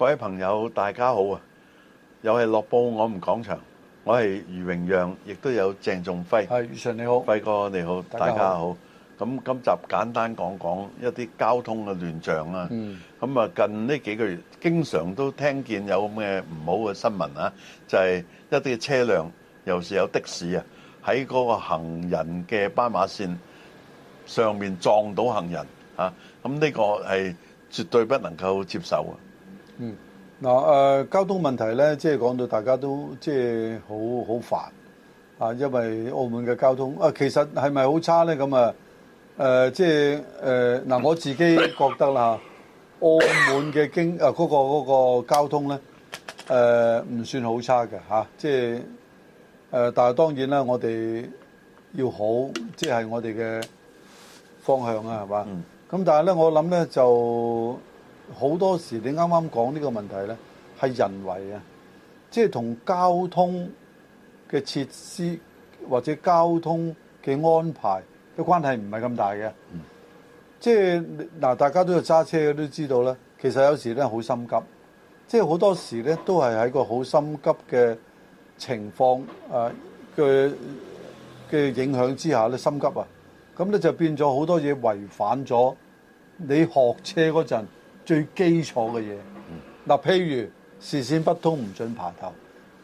各位朋友，大家好啊！又係《樂報，我唔講場，我係余榮讓，亦都有鄭仲輝。係余神你好，輝哥你好，大家好。咁今集簡單講講一啲交通嘅亂象啊。咁啊、嗯，近呢幾個月經常都聽見有咩唔好嘅新聞啊，就係、是、一啲車輛，尤其是有的士啊，喺嗰個行人嘅斑馬綫上面撞到行人啊！咁呢個係絕對不能夠接受啊！嗯，嗱、呃、誒，交通問題咧，即係講到大家都即係好好煩啊，因為澳門嘅交通啊，其實係咪好差咧？咁啊，誒、呃，即係誒，嗱、呃，我自己覺得啦、啊，澳門嘅經誒嗰、啊那個嗰、那個交通咧，誒、呃，唔算好差嘅吓、啊，即係誒、呃，但係當然啦，我哋要好，即、就、係、是、我哋嘅方向啊，係嘛？咁、嗯、但係咧，我諗咧就。好多時你啱啱講呢個問題呢，係人為啊，即係同交通嘅設施或者交通嘅安排嘅關係唔係咁大嘅。嗯、即係嗱，大家都有揸車都知道呢，其實有時呢好心急，即係好多時呢都係喺個好心急嘅情況啊嘅嘅影響之下呢，心急啊，咁呢就變咗好多嘢違反咗你學車嗰陣。最基礎嘅嘢，嗱，譬如視線不通唔準爬頭，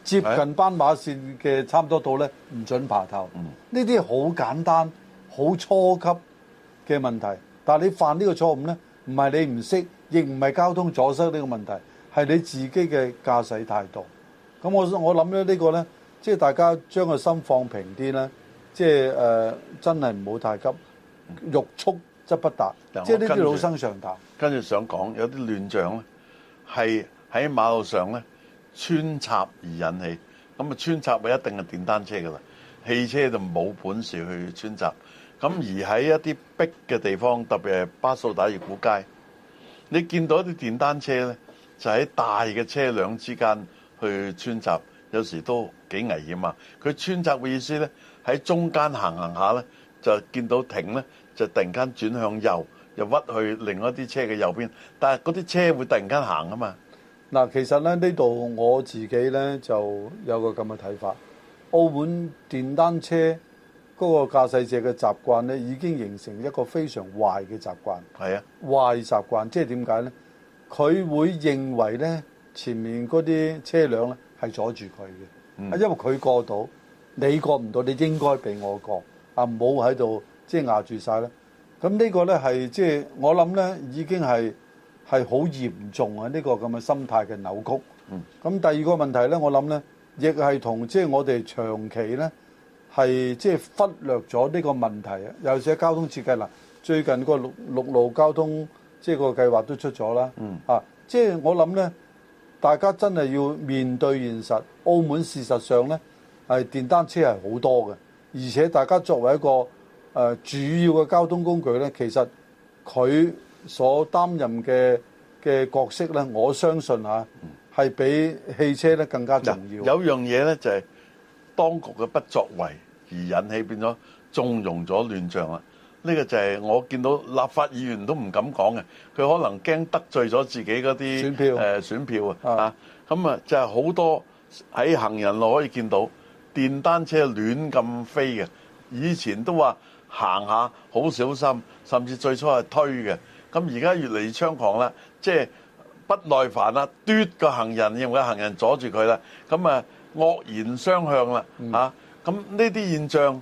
接近斑馬線嘅差唔多到咧唔準爬頭，呢啲好簡單、好初級嘅問題。但係你犯呢個錯誤呢，唔係你唔識，亦唔係交通阻塞呢個問題，係你自己嘅駕駛態度。咁我我諗咧呢個呢，即係大家將個心放平啲咧，即係、呃、真係唔好太急、欲速則不達，即係啲老生常談。跟住想講，有啲亂象咧，係喺馬路上咧穿插而引起。咁啊穿插咪一定係電單車噶啦，汽車就冇本事去穿插。咁而喺一啲逼嘅地方，特別係巴素打熱古街，你見到一啲電單車咧，就喺大嘅車輛之間去穿插，有時都幾危險啊！佢穿插嘅意思咧，喺中間行行下咧。就見到停咧，就突然間轉向右，又屈去另一啲車嘅右邊。但係嗰啲車會突然間行啊嘛。嗱，其實咧呢度我自己咧就有個咁嘅睇法。澳門電單車嗰個駕駛者嘅習慣咧，已經形成一個非常壞嘅習慣。係啊，壞習慣即係點解呢？佢會認為呢前面嗰啲車輛咧係阻住佢嘅，嗯、因為佢過到你過唔到，你應該俾我過。啊！冇喺度，即係壓住曬咧。咁呢個咧係即係我諗咧，已經係係好嚴重啊！呢個咁嘅心態嘅扭曲。嗯。咁第二個問題咧，我諗咧，亦係同即係我哋長期咧係即係忽略咗呢個問題啊。尤其是交通設計啦，最近個陸陸路交通即係個計劃都出咗啦。嗯。啊，即係我諗咧，大家真係要面對現實。澳門事實上咧，係電單車係好多嘅。而且大家作為一個、呃、主要嘅交通工具咧，其實他，佢所擔任嘅嘅角色咧，我相信吓、啊，係、嗯、比汽車咧更加重要。有，有樣嘢咧就係、是、當局嘅不作為而引起變咗縱容咗亂象啊！呢、這個就係我見到立法議員都唔敢講嘅，佢可能驚得罪咗自己嗰啲選票、呃、選票的啊！咁啊就係好多喺行人路可以見到。電單車亂咁飛嘅，以前都話行下好小心，甚至最初係推嘅。咁而家越嚟越猖狂啦，即係不耐煩啦，嘟個行人，認為行人阻住佢啦，咁啊惡言相向啦，啊咁呢啲現象，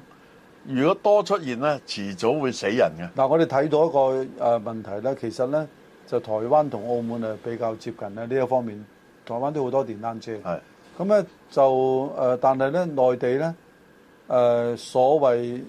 如果多出現呢，遲早會死人嘅。嗱，我哋睇到一個誒問題呢，其實呢，就台灣同澳門啊比較接近啦呢一方面，台灣都好多電單車。係。咁咧就誒、呃，但係咧內地咧誒、呃，所謂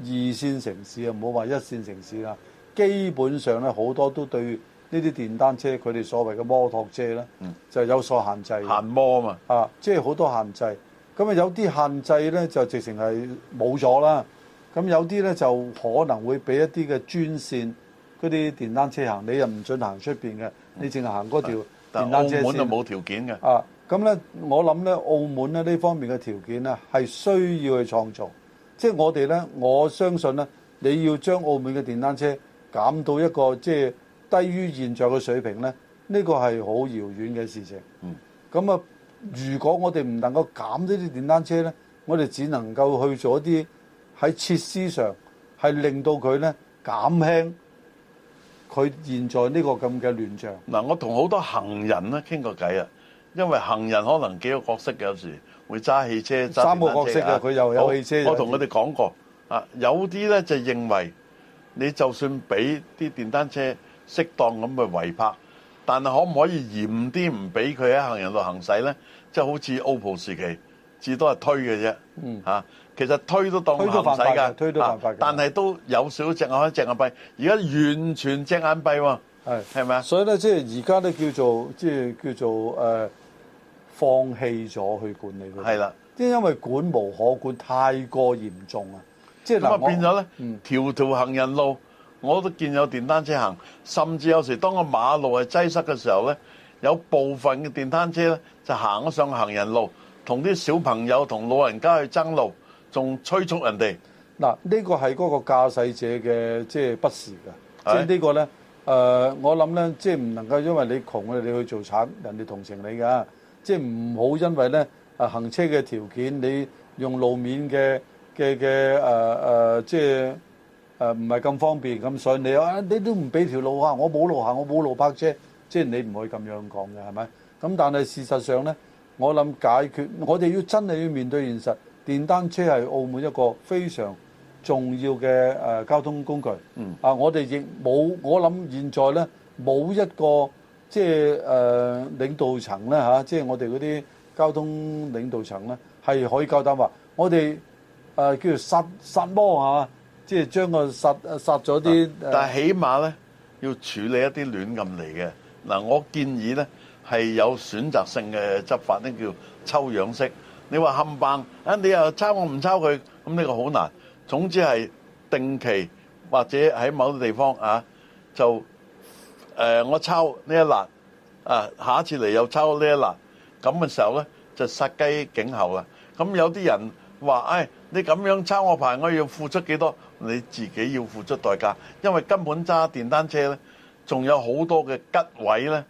二線城市啊，唔好話一線城市啦。基本上咧，好多都對呢啲電單車佢哋所謂嘅摩托車咧，嗯、就有所限制。限摩嘛啊，即係好多限制。咁啊，有啲限制咧就直情係冇咗啦。咁有啲咧就可能會俾一啲嘅專線嗰啲電單車行，你又唔準行出面嘅，嗯、你淨行嗰條電單車線。澳門就冇條件嘅。啊。咁咧，我諗咧，澳門咧呢方面嘅條件咧，係需要去創造。即係我哋咧，我相信咧，你要將澳門嘅電單車減到一個即係低於現在嘅水平咧，呢、呢個係好遙遠嘅事情。嗯。咁啊、嗯，如果我哋唔能夠減呢啲電單車咧，我哋只能夠去做啲喺設施上係令到佢咧減輕佢現在呢個咁嘅亂象。嗱、嗯，我同好多行人咧傾過偈啊。因為行人可能幾個角色嘅，有時會揸汽車、揸電單車啊。三個角色嘅佢又有汽車。好我同佢哋講過啊，有啲咧就認為你就算俾啲電單車適當咁去違泊，但係可唔可以嚴啲唔俾佢喺行人度行駛咧？即係好似 Oppo 時期，至多係推嘅啫。嗯。吓、啊，其實推都當唔駛㗎。推都推都犯法、啊。但係都有少隻眼開隻眼閉。而家完全隻眼閉喎。係咪啊？是吧所以咧，即係而家咧叫做即係叫做誒。呃放棄咗去管理佢，係啦，即係因為管無可管，太過嚴重啊！即係嗱，變咗咧，嗯，條條行人路我都見有電單車行，甚至有時當個馬路係擠塞嘅時候咧，有部分嘅電單車咧就行咗上行人路，同啲小朋友同老人家去爭路，仲催促人哋嗱，呢個係嗰個駕駛者嘅即係不時㗎，即係呢個咧，誒，我諗咧，即係唔能夠因為你窮啊，你去做賊，人哋同情你㗎。即係唔好因為咧，行車嘅條件你用路面嘅嘅嘅誒誒，即係誒唔係咁方便，咁所以你啊，你都唔俾條路行，我冇路行，我冇路泊車，即係你唔可以咁樣講嘅，係咪？咁但係事實上咧，我諗解決，我哋要真係要面對現實，電單車係澳門一個非常重要嘅誒交通工具。嗯。啊，我哋亦冇，我諗現在咧冇一個。即係誒領導層咧嚇，即係我哋嗰啲交通領導層咧，係可以夠膽話，我哋誒叫做殺殺魔嚇，即係將個殺殺咗啲。但係起碼咧，要處理一啲亂咁嚟嘅嗱，我建議咧係有選擇性嘅執法咧，叫抽樣式。你話冚唪唥，你又抄我唔抄佢，咁呢個好難。總之係定期或者喺某啲地方嚇就。誒我抄呢一欄，啊下一次嚟又抄呢一欄，咁嘅時候咧就殺雞儆猴啦。咁有啲人話：唉你咁樣抄我牌，我要付出幾多？你自己要付出代價，因為根本揸電單車咧，仲有好多嘅吉位咧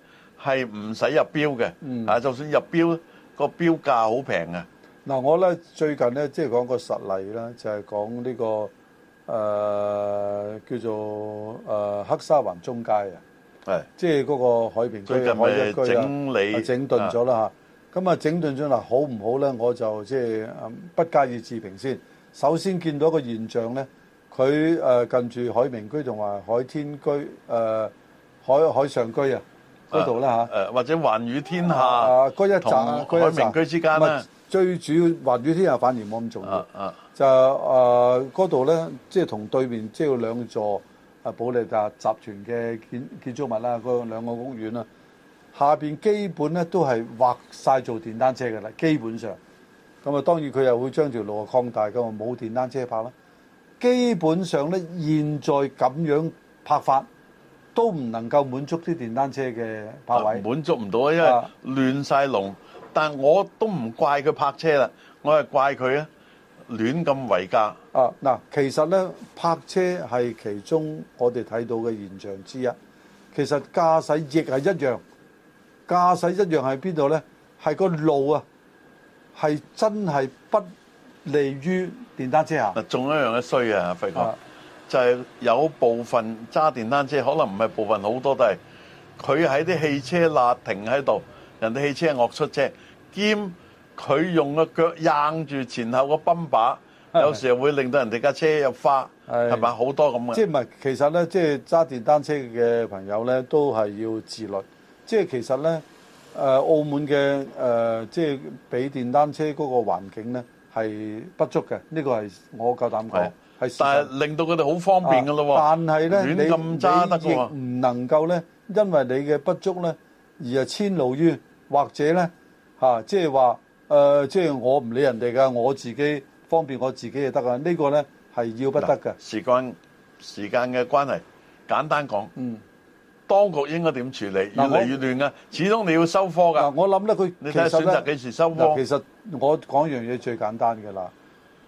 係唔使入標嘅，啊就算入標咧個標價好平啊。嗱我咧最近咧即係講個實例啦，就係講呢個誒叫做誒黑沙環中街啊。係，哎、即係嗰個海平居、海逸居整理、整頓咗啦咁啊，啊整頓咗啦好唔好咧？我就即係、嗯、不加以置評先。首先見到一個現象咧，佢誒、呃、近住海明居同埋海天居誒、呃、海海上居啊，嗰度啦嚇。裡啊、或者環宇天下啊，嗰一站、海明居之間裡、啊、最主要環宇天下反而冇咁重要。啊，啊就誒嗰度咧，即係同對面即係兩座。啊，保利達集團嘅建建築物啦，嗰兩個屋苑啦，下邊基本咧都係劃晒做電單車嘅啦，基本上。咁啊，當然佢又會將條路啊擴大嘅，冇電單車拍啦。基本上咧，現在咁樣拍法都唔能夠滿足啲電單車嘅拍位，啊、滿足唔到啊，因為亂晒龍。啊、但係我都唔怪佢拍車啦，我係怪佢啊亂咁違格。啊嗱，其實咧泊車係其中我哋睇到嘅現象之一。其實駕駛亦係一樣，駕駛一樣喺邊度咧？係個路啊，係真係不利於電單車啊！仲一樣嘅衰啊，輝哥、啊、就係有部分揸電單車，可能唔係部分好多都係佢喺啲汽車立停喺度，人哋汽車是惡出車，兼佢用個腳硬住前後個泵把。有時候會令到人哋架車又花係咪，係咪好多咁嘅。即係唔係，其實咧，即係揸電單車嘅朋友咧，都係要自律。即係其實咧，誒，澳門嘅誒、呃，即係俾電單車嗰個環境咧，係不足嘅。呢個係我夠膽講，係。但係令到佢哋好方便噶咯喎。但係咧，你咁揸亦唔能夠咧，因為你嘅不足咧，而係遷怒於或者咧，吓即係話誒，即係、呃、我唔理人哋噶，我自己。方便我自己就得啊！呢個咧係要不得嘅，嗯。時間時間嘅關係，簡單講，嗯，當局應該點處理？越嚟越亂啊！那我 始終你要收科噶。我諗咧佢，你睇下選擇幾時收科？其實我講一樣嘢最簡單嘅啦。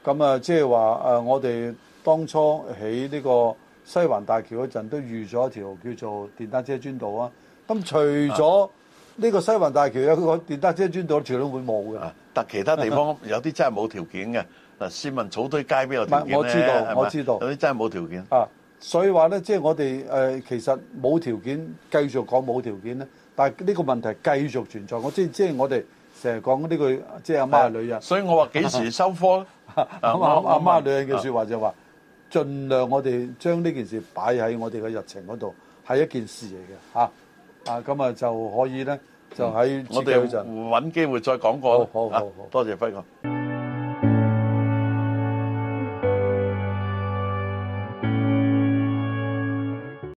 咁啊，即係話誒，我哋當初喺呢個西環大橋嗰陣都預咗一條叫做電單車專道啊。咁除咗呢個西環大橋有個電單車專道，遲早會冇嘅。但其他地方有啲真係冇條件嘅。嗱，市民草堆街邊有條件我知道，我知道，有啲真係冇條件。啊，所以話咧，即係我哋誒，其實冇條件繼續講冇條件咧。但係呢個問題繼續存在。我即係即係我哋成日講呢句，即係阿媽女人。所以我話幾時收科咧？阿阿媽女人嘅說話就話，盡量我哋將呢件事擺喺我哋嘅日程嗰度，係一件事嚟嘅嚇啊，咁啊就可以咧，就喺我哋搵機會再講過。好好好好，多謝輝哥。